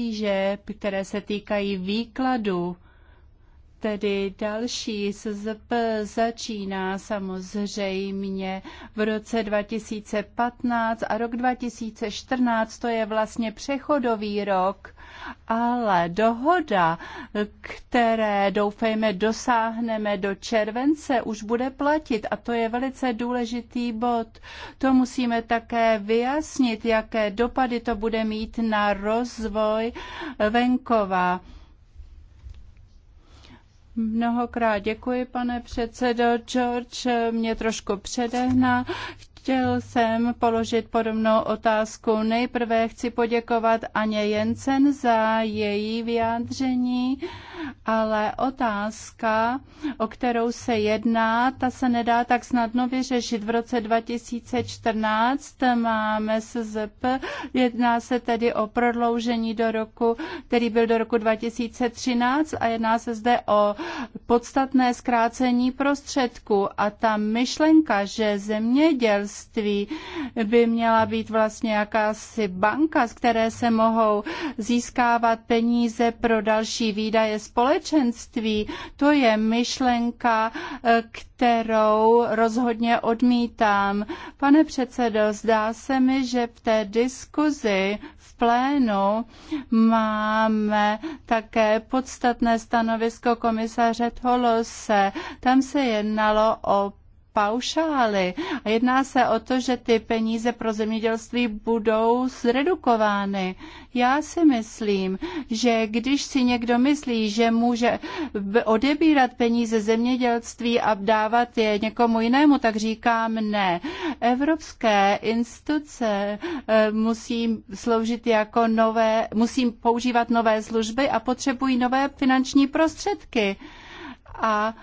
potíže, které se týkají výkladu Tedy další SZP začíná samozřejmě v roce 2015 a rok 2014 to je vlastně přechodový rok, ale dohoda, které doufejme dosáhneme do července, už bude platit a to je velice důležitý bod. To musíme také vyjasnit, jaké dopady to bude mít na rozvoj venkova Mnohokrát děkuji, pane předsedo George. Mě trošku předehná. Chtěl jsem položit podobnou otázku. Nejprve chci poděkovat Aně Jensen za její vyjádření ale otázka, o kterou se jedná, ta se nedá tak snadno vyřešit. V roce 2014 máme SZP, jedná se tedy o prodloužení do roku, který byl do roku 2013 a jedná se zde o podstatné zkrácení prostředků a ta myšlenka, že zemědělství by měla být vlastně jakási banka, z které se mohou získávat peníze pro další výdaje z společenství. To je myšlenka, eh, kterou rozhodně odmítám. Pane předsedo, zdá se mi, že v té diskuzi v plénu máme také podstatné stanovisko komisaře Tolose. Tam se jednalo o paušály. A jedná se o to, že ty peníze pro zemědělství budou zredukovány. Já si myslím, že když si někdo myslí, že může odebírat peníze zemědělství a dávat je někomu jinému, tak říkám ne. Evropské instituce eh, musí sloužit jako nové, musí používat nové služby a potřebují nové finanční prostředky. A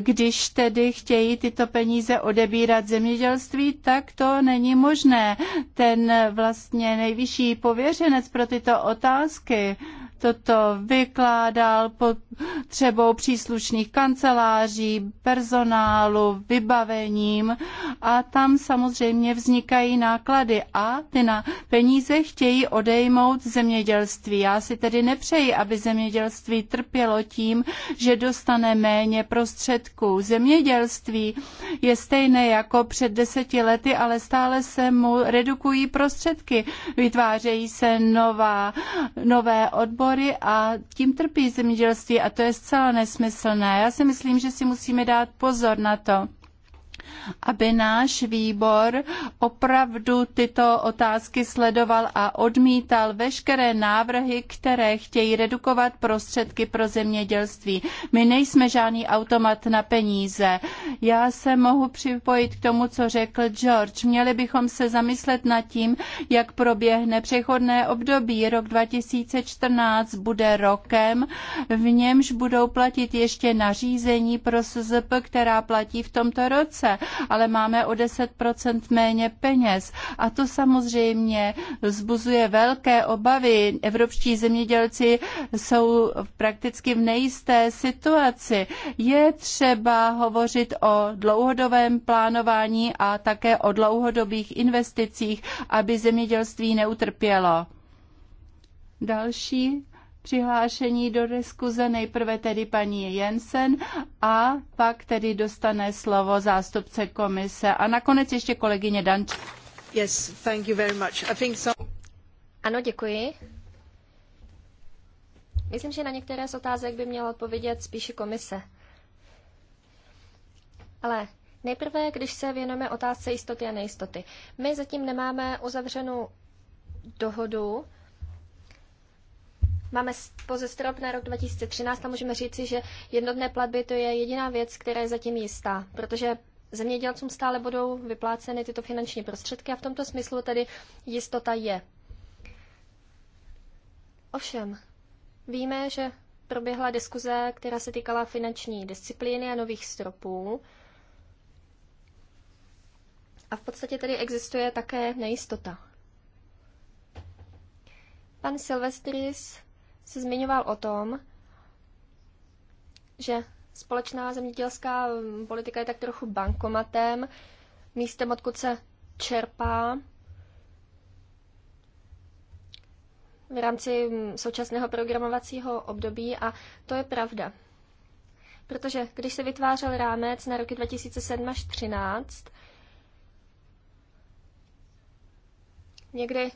když tedy chtějí tyto peníze odebírat zemědělství, tak to není možné. Ten vlastně nejvyšší pověřenec pro tyto otázky toto vykládal potřebou příslušných kanceláří, personálu, vybavením a tam samozřejmě vznikají náklady a ty na peníze chtějí odejmout zemědělství. Já si tedy nepřeji, aby zemědělství trpělo tím, že dostane méně prostředků. Zemědělství je stejné jako před deseti lety, ale stále se mu redukují prostředky. Vytvářejí se nová, nové odbory, podpory a tím trpí zemědělství a to je zcela nesmyslné. Já si myslím, že si musíme dát pozor na to, aby náš výbor opravdu tyto otázky sledoval a odmítal veškeré návrhy, které chtějí redukovat prostředky pro zemědělství. My nejsme žádný automat na peníze. Já se mohu připojit k tomu, co řekl George. Měli bychom se zamyslet nad tím, jak proběhne přechodné období. Rok 2014 bude rokem, v němž budou platit ještě nařízení pro SZP, která platí v tomto roce ale máme o 10% méně peněz. A to samozřejmě vzbuzuje velké obavy. Evropští zemědělci jsou prakticky v nejisté situaci. Je třeba hovořit o dlouhodobém plánování a také o dlouhodobých investicích, aby zemědělství neutrpělo. Další přihlášení do diskuze, nejprve tedy paní Jensen a pak tedy dostane slovo zástupce komise a nakonec ještě kolegyně Danč. Yes, thank you very much. I think so. Ano, děkuji. Myslím, že na některé z otázek by měla odpovědět spíše komise. Ale nejprve, když se věnujeme otázce jistoty a nejistoty. My zatím nemáme uzavřenou dohodu Máme pouze strop na rok 2013 a můžeme říci, že jednotné platby to je jediná věc, která je zatím jistá, protože zemědělcům stále budou vypláceny tyto finanční prostředky a v tomto smyslu tedy jistota je. Ovšem, víme, že proběhla diskuze, která se týkala finanční disciplíny a nových stropů. A v podstatě tedy existuje také nejistota. Pan Silvestris se zmiňoval o tom, že společná zemědělská politika je tak trochu bankomatem, místem, odkud se čerpá v rámci současného programovacího období a to je pravda. Protože když se vytvářel rámec na roky 2007 až 2013, někdy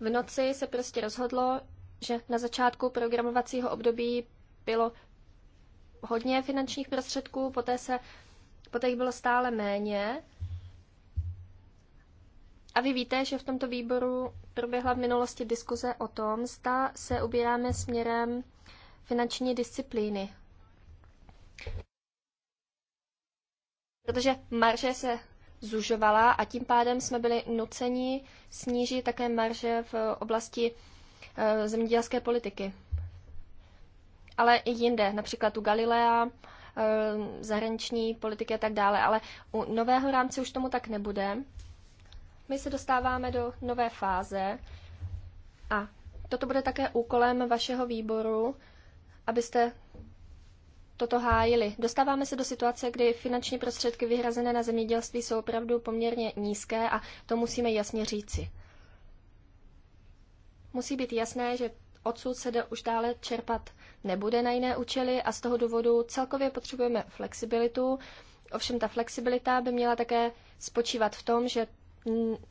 v noci se prostě rozhodlo, že na začátku programovacího období bylo hodně finančních prostředků, poté, se, poté jich bylo stále méně. A vy víte, že v tomto výboru proběhla v minulosti diskuze o tom, zda se ubíráme směrem finanční disciplíny. Protože marže se zužovala a tím pádem jsme byli nuceni snížit také marže v oblasti Eh, zemědělské politiky. Ale i jinde, například u Galilea, eh, zahraniční politiky a tak dále. Ale u nového rámce už tomu tak nebude. My se dostáváme do nové fáze a toto bude také úkolem vašeho výboru, abyste toto hájili. Dostáváme se do situace, kdy finanční prostředky vyhrazené na zemědělství jsou opravdu poměrně nízké a to musíme jasně říci musí být jasné, že odsud se už dále čerpat nebude na jiné účely a z toho důvodu celkově potřebujeme flexibilitu. Ovšem ta flexibilita by měla také spočívat v tom, že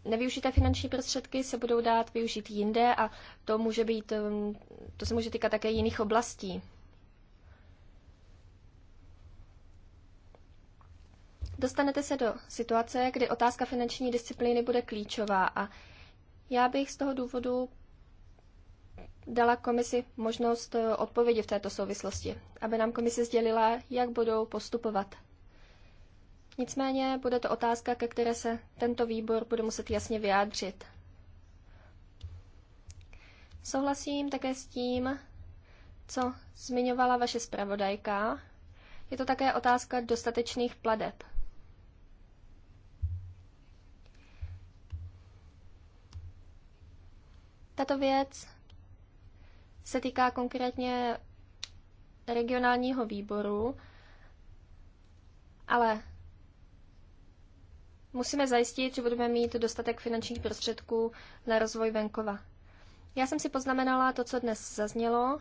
nevyužité finanční prostředky se budou dát využít jinde a to může být, um, to se může týkat také jiných oblastí. Dostanete se do situace, kdy otázka finanční disciplíny bude klíčová a já bych z toho důvodu dala komisi možnost eh, odpovědi v této souvislosti, aby nám komise sdělila, jak budou postupovat. Nicméně bude to otázka, ke které se tento výbor bude muset jasně vyjádřit. Souhlasím také s tím, co zmiňovala vaše zpravodajka. Je to také otázka dostatečných pladeb. Tato věc se týká konkrétně regionálního výboru, ale musíme zajistit, že budeme mít dostatek finančních prostředků na rozvoj venkova. Já jsem si poznamenala to, co dnes zaznělo.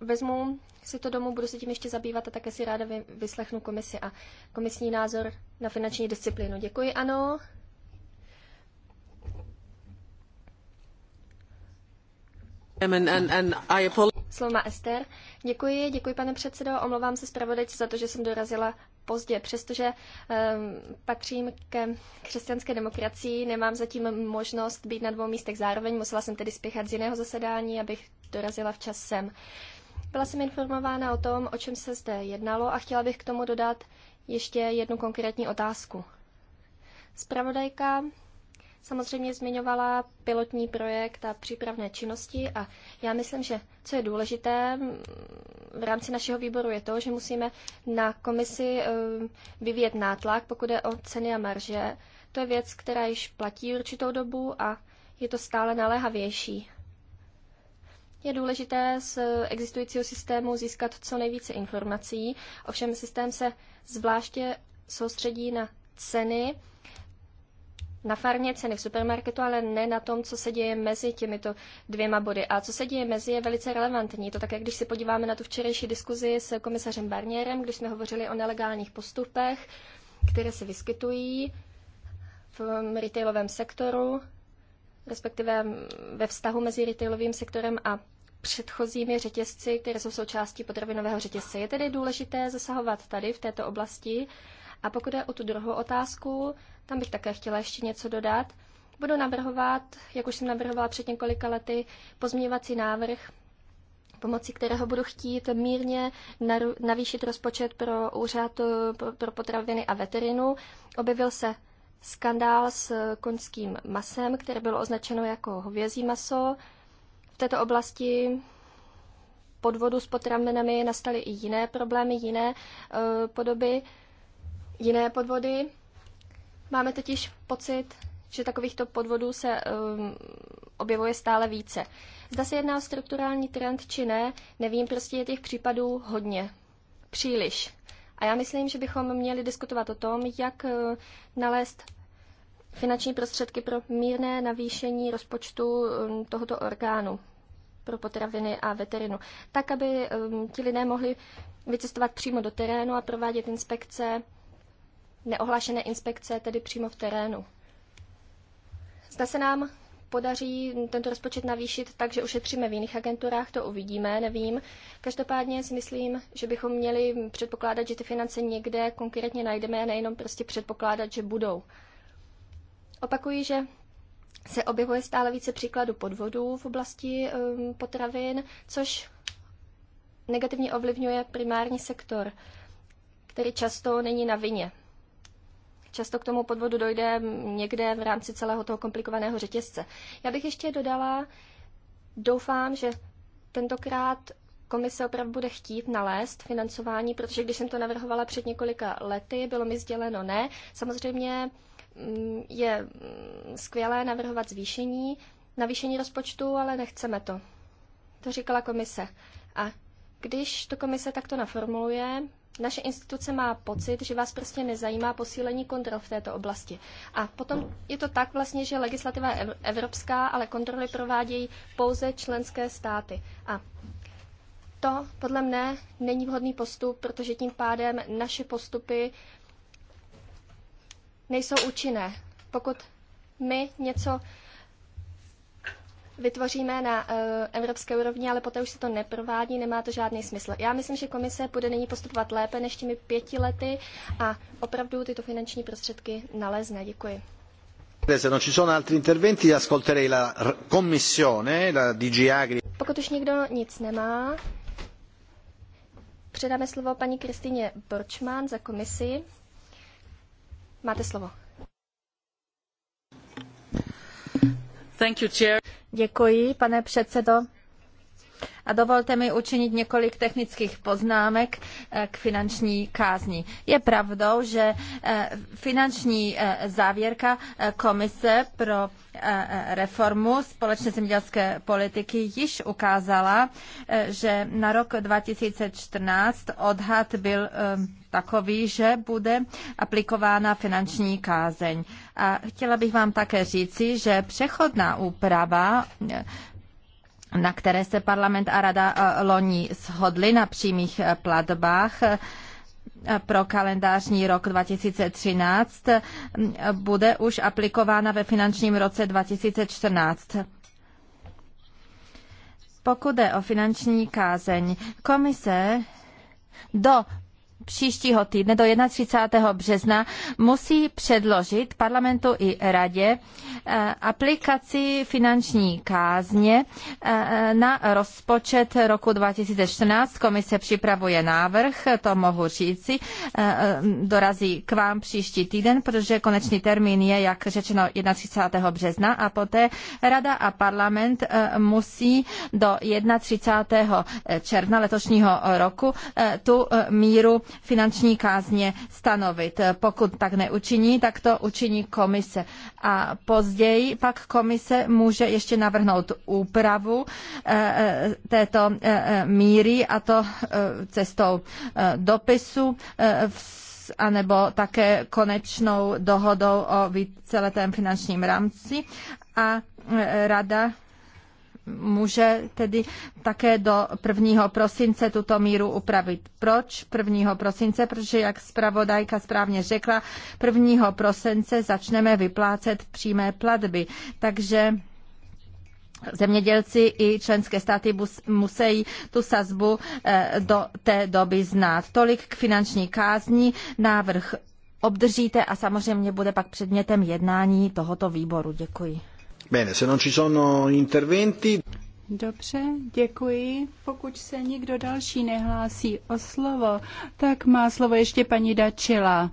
Vezmu si to domů, budu se tím ještě zabývat a také si ráda vyslechnu komisi a komisní názor na finanční disciplínu. Děkuji, ano. Slovo má Ester. Děkuji, děkuji pane předsedo. Omlouvám se zpravodajci za to, že jsem dorazila pozdě, přestože um, patřím ke křesťanské demokracii, nemám zatím možnost být na dvou místech zároveň, musela jsem tedy spěchat z jiného zasedání, abych dorazila včas sem. Byla jsem informována o tom, o čem se zde jednalo a chtěla bych k tomu dodat ještě jednu konkrétní otázku. Spravodajka samozřejmě zmiňovala pilotní projekt a přípravné činnosti a já myslím, že co je důležité mm, v rámci našeho výboru je to, že musíme na komisi mm, vyvíjet nátlak, pokud je o ceny a marže. To je věc, která již platí určitou dobu a je to stále naléhavější. Je důležité z existujícího systému získat co nejvíce informací, ovšem systém se zvláště soustředí na ceny na farmě, ceny v supermarketu, ale ne na tom, co se děje mezi těmito dvěma body. A co se děje mezi je velice relevantní. To také, když se podíváme na tu včerejší diskuzi s komisařem Barnierem, když jsme hovořili o nelegálních postupech, které se vyskytují v retailovém sektoru, respektive ve vztahu mezi retailovým sektorem a předchozími řetězci, které jsou součástí potravinového řetězce. Je tedy důležité zasahovat tady v této oblasti. A pokud je o tu druhou otázku, tam bych také chtěla ještě něco dodat. Budu navrhovat, jak už jsem navrhovala před několika lety, pozměňovací návrh, pomocí kterého budu chtít mírně navýšit rozpočet pro úřad pro potraviny a veterinu. Objevil se skandál s koňským masem, které bylo označeno jako hovězí maso. V této oblasti podvodu s potravinami nastaly i jiné problémy, jiné eh, podoby, jiné podvody. Máme totiž pocit, že takovýchto podvodů se um, objevuje stále více. Zda se jedná o strukturální trend či ne, nevím, prostě je těch případů hodně. Příliš. A já myslím, že bychom měli diskutovat o tom, jak uh, nalézt finanční prostředky pro mírné navýšení rozpočtu um, tohoto orgánu pro potraviny a veterinu, tak, aby um, ti lidé mohli vycestovat přímo do terénu a provádět inspekce neohlášené inspekce, tedy přímo v terénu. Zda se nám podaří tento rozpočet navýšit tak, že ušetříme v jiných agenturách, to uvidíme, nevím. Každopádně si myslím, že bychom měli předpokládat, že ty finance někde konkrétně najdeme a nejenom prostě předpokládat, že budou. Opakuji, že se objevuje stále více příkladů podvodů v oblasti um, potravin, což negativně ovlivňuje primární sektor, který často není na vině. Často k tomu podvodu dojde někde v rámci celého toho komplikovaného řetězce. Já bych ještě dodala, doufám, že tentokrát komise opravdu bude chtít nalézt financování, protože když jsem to navrhovala před několika lety, bylo mi sděleno ne. Samozřejmě mm, je mm, skvělé navrhovat zvýšení, navýšení rozpočtu, ale nechceme to. To říkala komise. A když to komise takto naformuluje, naše instituce má pocit, že vás prostě nezajímá posílení kontrol v této oblasti. A potom je to tak vlastně, že legislativa je evropská, ale kontroly provádějí pouze členské státy. A to podle mne není vhodný postup, protože tím pádem naše postupy nejsou účinné. Pokud my něco vytvoříme na uh, evropské úrovni, ale poté už se to neprovádí, nemá to žádný smysl. Já myslím, že komise bude nyní postupovat lépe než těmi pěti lety a opravdu tyto finanční prostředky nalezne. Děkuji. Se non ci sono altri interventi, ascolterei la commissione, la DG Agri. Pokud už nikdo nic nemá, předáme slovo paní Kristýně Borčman za komisi. Máte slovo. Thank you, chair. Děkuji, pane předsedo. A dovolte mi učinit několik technických poznámek eh, k finanční kázni. Je pravdou, že eh, finanční eh, závěrka Komise pro reformu společné zemědělské politiky již ukázala, že na rok 2014 odhad byl takový, že bude aplikována finanční kázeň. A chtěla bych vám také říci, že přechodná úprava na které se parlament a rada e, loni shodly na přímých e, platbách, e, pro kalendářní rok 2013 bude už aplikována ve finančním roce 2014. Pokud je o finanční kázeň, komise do příštího týdne do 31. března musí předložit parlamentu i radě eh, aplikaci finanční kázně eh, na rozpočet roku 2014. Komise připravuje návrh, to mohu říci. Eh, dorazí k vám příští týden, protože konečný termín je, jak řečeno, 31. března a poté rada a parlament musí do 31. června letošního roku tu míru finanční kázně stanovit. Pokud tak neučiní, tak to učiní komise. A později pak komise může ještě navrhnout úpravu eh, eh, této eh, míry a to cestou dopisu v anebo také konečnou dohodou o víceletém finančním rámci a rada může tedy také do 1. prosince tuto míru upravit. Proč 1. prosince? Protože, jak zpravodajka správně řekla, 1. prosince začneme vyplácet přímé platby. Takže zemědělci i členské státy musí tu sazbu eh, do té doby znát. Tolik k finanční kázni. Návrh obdržíte a samozřejmě bude pak předmětem jednání tohoto výboru. Děkuji. Bene, se non ci sono interventi... Dobře, děkuji. Pokud se nikdo další nehlásí o slovo, tak má slovo ještě paní Dačila.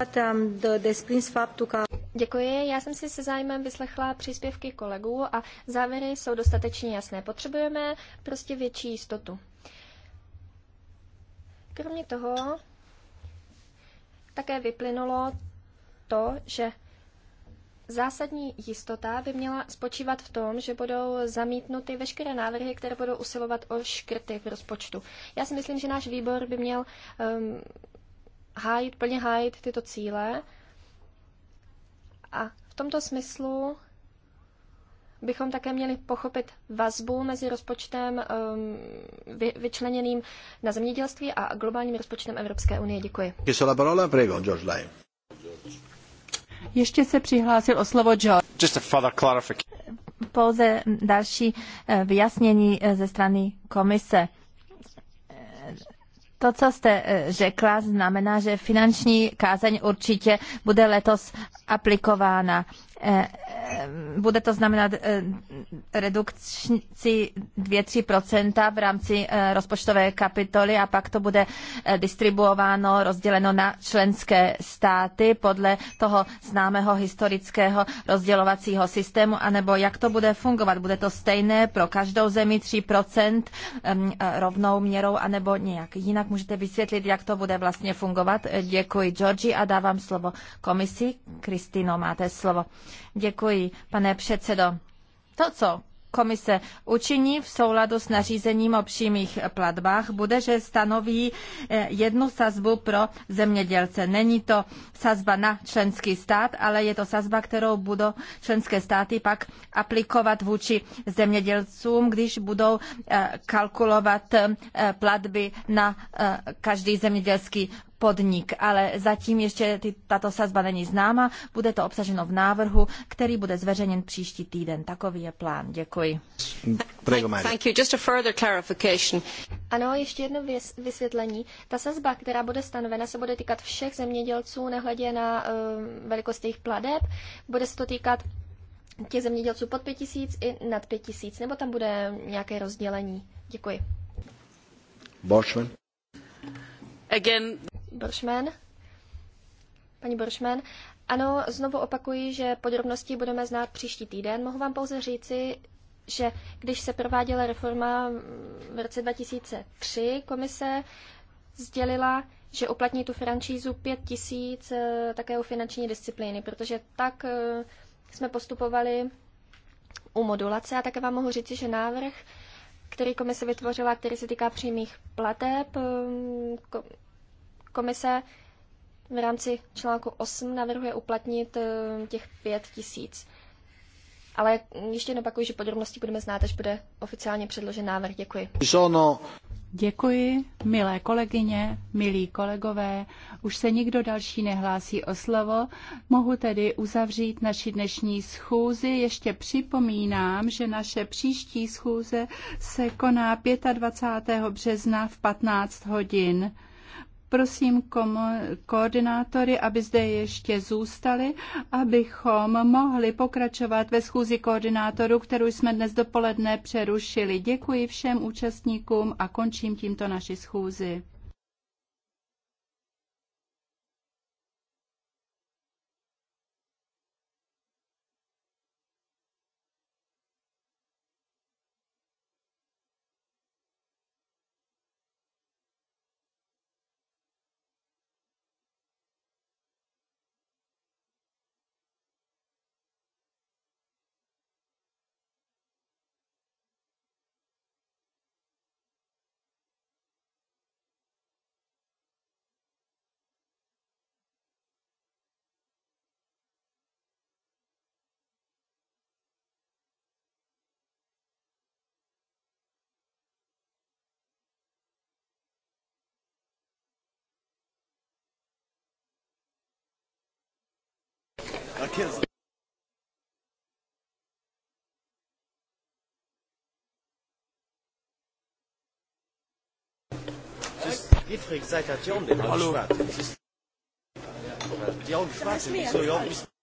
Děkuji, já jsem si se zájmem vyslechla příspěvky kolegů a závěry jsou dostatečně jasné. Potřebujeme prostě větší jistotu. Kromě toho také vyplynulo to, že Zásadní jistota by měla spočívat v tom, že budou zamítnuty veškeré návrhy, které budou usilovat o škrty v rozpočtu. Já si myslím, že náš výbor by měl um, hájit, plně hájit tyto cíle a v tomto smyslu bychom také měli pochopit vazbu mezi rozpočtem um, vy, vyčleněným na zemědělství a globálním rozpočtem Evropské unie. Děkuji. Ještě se přihlásil o slovo John. Just a further clarification. Pouze další eh, vyjasnění eh, ze strany komise. To, co jste eh, řekla, znamená, že finanční kázeň určitě bude letos aplikována. Eh, eh, bude to znamenat eh, redukci 2-3 v rámci rozpočtové kapitoly a pak to bude distribuováno, rozděleno na členské státy podle toho známého historického rozdělovacího systému, anebo jak to bude fungovat. Bude to stejné pro každou zemi 3 ehm, rovnou měrou, anebo nějak jinak. Můžete vysvětlit, jak to bude vlastně fungovat. Děkuji, Georgi, a dávám slovo komisi. Kristino, máte slovo. Děkuji, pane předsedo. To, co komise učiní v souladu s nařízením o přímých platbách, bude, že stanoví eh, jednu sazbu pro zemědělce. Není to sazba na členský stát, ale je to sazba, kterou budou členské státy pak aplikovat vůči zemědělcům, když budou eh, kalkulovat eh, platby na každý zemědělský podnik, ale zatím ještě ty, tato sazba není známa. Bude to obsaženo v návrhu, který bude zveřejněn příští týden. Takový je plán. Děkuji. Thank you. Just a further clarification. Ano, ještě jedno vysvětlení. Ta sazba, která bude stanovena, se bude týkat všech zemědělců, nehledě na uh, velikost jejich pladeb. Bude se to týkat těch zemědělců pod 5000 i nad 5000, nebo tam bude nějaké rozdělení? Děkuji. Borchman. Again, Boršmen. Paní Boršmen, ano, znovu opakuji, že podrobnosti budeme znát příští týden. Mohu vám pouze říci, že když se prováděla reforma v roce 2003, komise sdělila, že uplatní tu franšízu 5000 eh, také u finanční disciplíny, protože tak eh, jsme postupovali u modulace a také vám mohu říci, že návrh, který komise vytvořila, který se týká přímých plateb, eh, Komise v rámci článku 8 navrhuje uplatnit eh, těch 5 tisíc. Ale ještě jednou opakuju, že podrobnosti budeme znát, až bude oficiálně předložen návrh. Děkuji. Žono. Děkuji, milé kolegyně, milí kolegové. Už se nikdo další nehlásí o slovo. Mohu tedy uzavřít naši dnešní schůzi. Ještě připomínám, že naše příští schůze se koná 25. března v 15 hodin. Prosím komo- koordinátory, aby zde ještě zůstali, abychom mohli pokračovat ve schůzi koordinátorů, kterou jsme dnes dopoledne přerušili. Děkuji všem účastníkům a končím tímto naši schůzi. vítěz. Gifrig, seid ihr Tjörn, den Augen Schwarz. Tjörn Schwarz, so